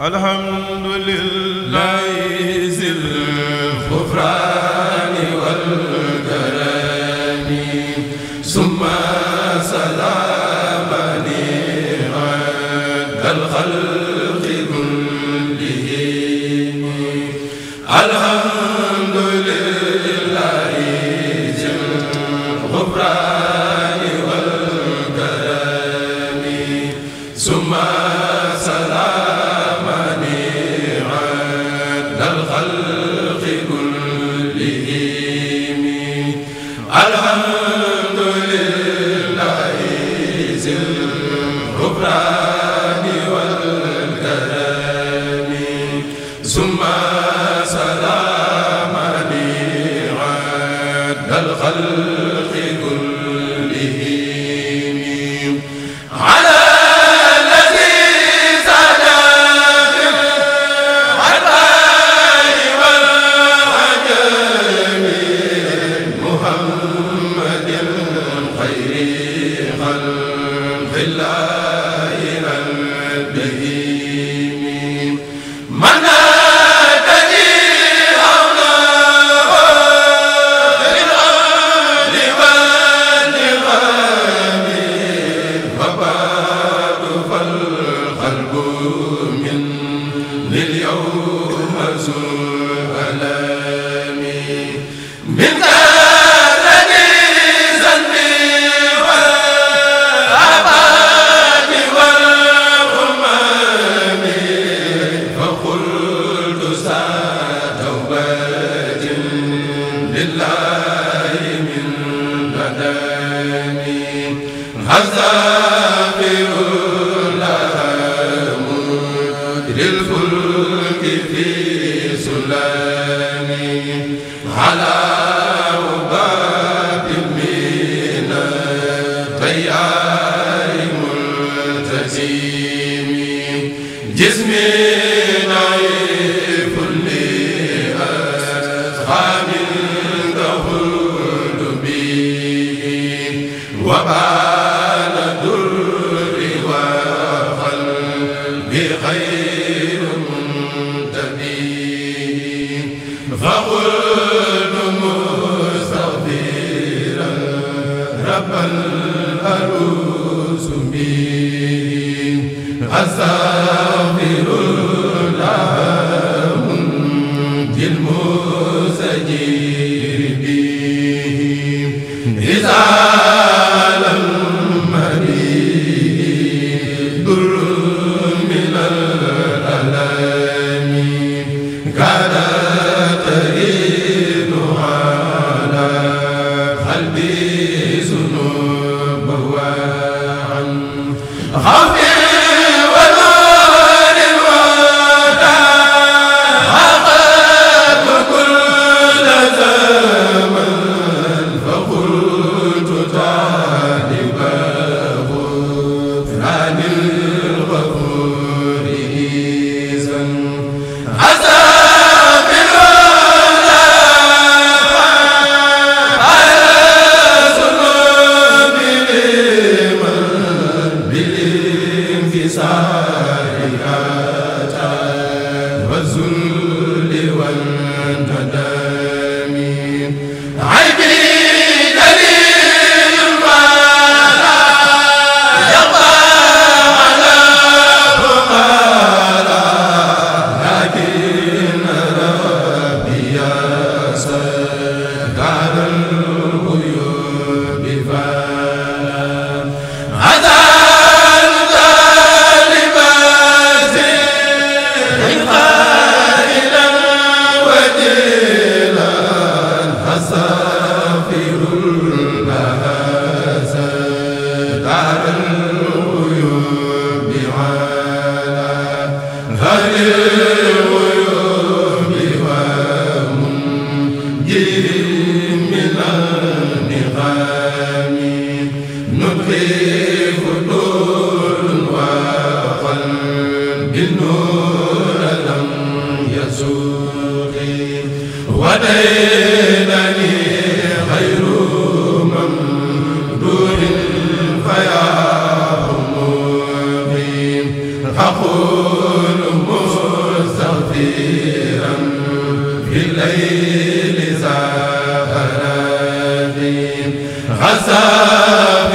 alhamdulillah lillah azza Amen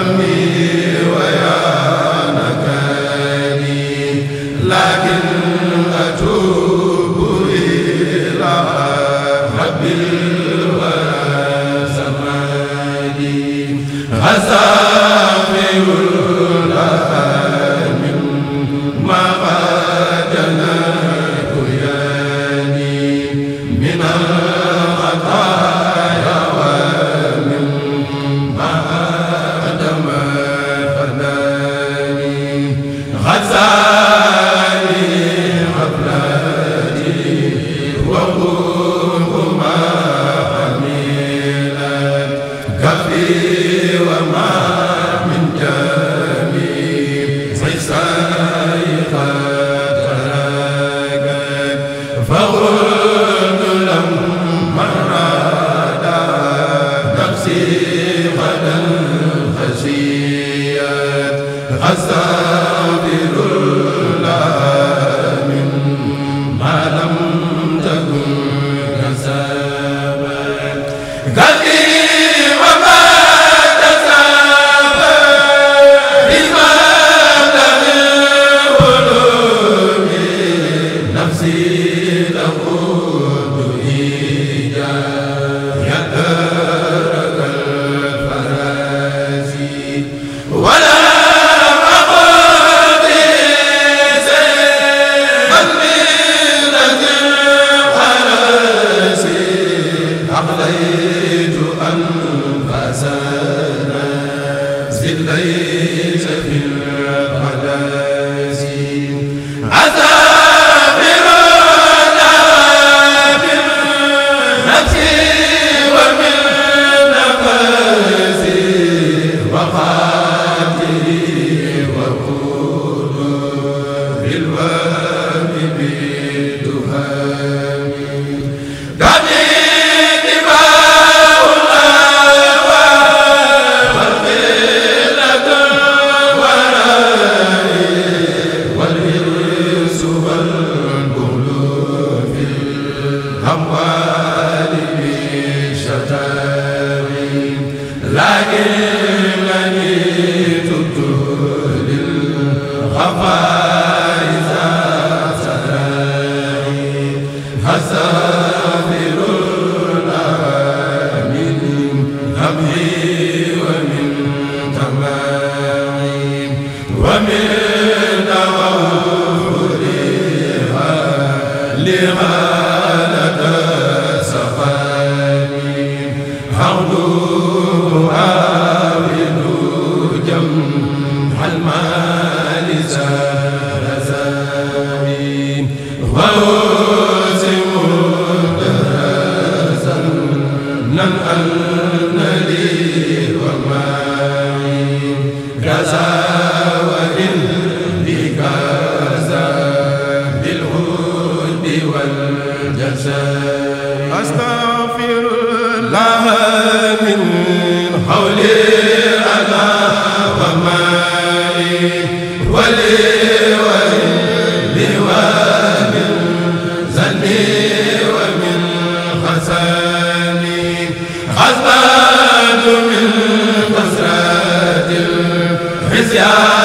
amiin xasi amiin yaa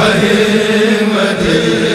وهمتي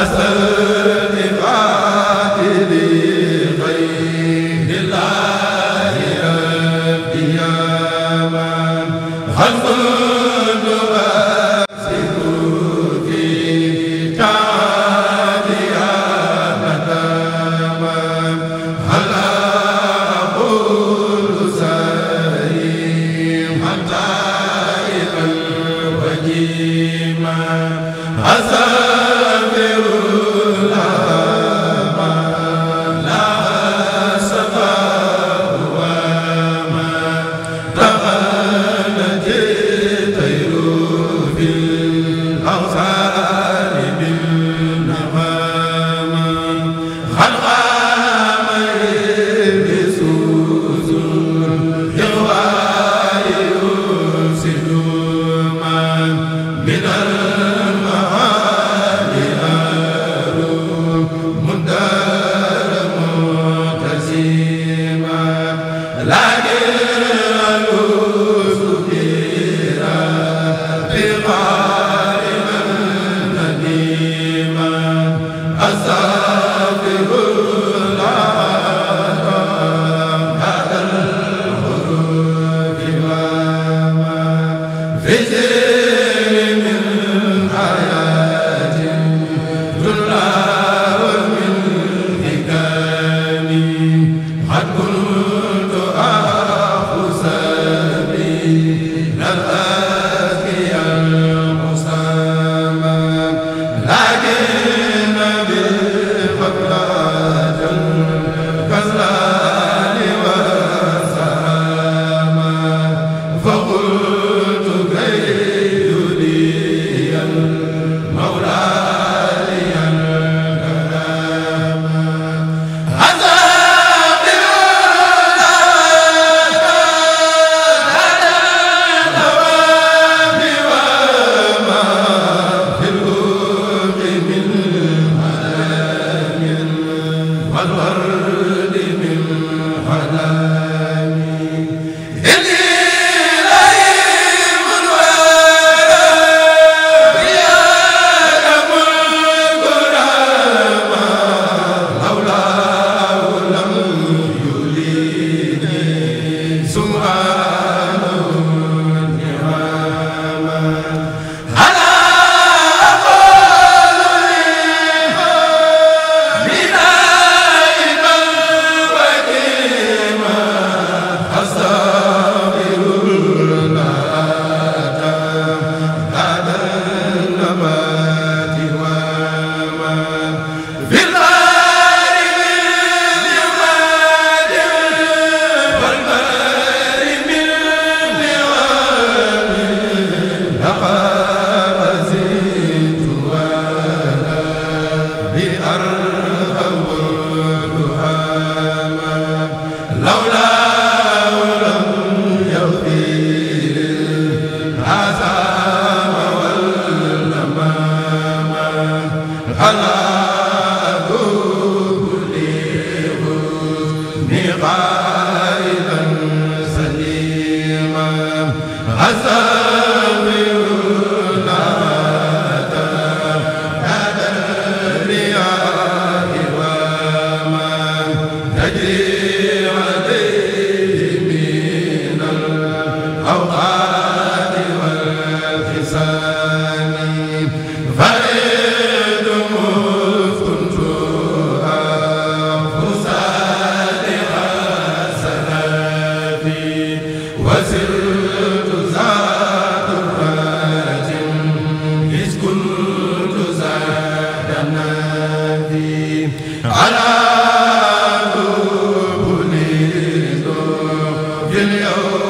as ala اليوم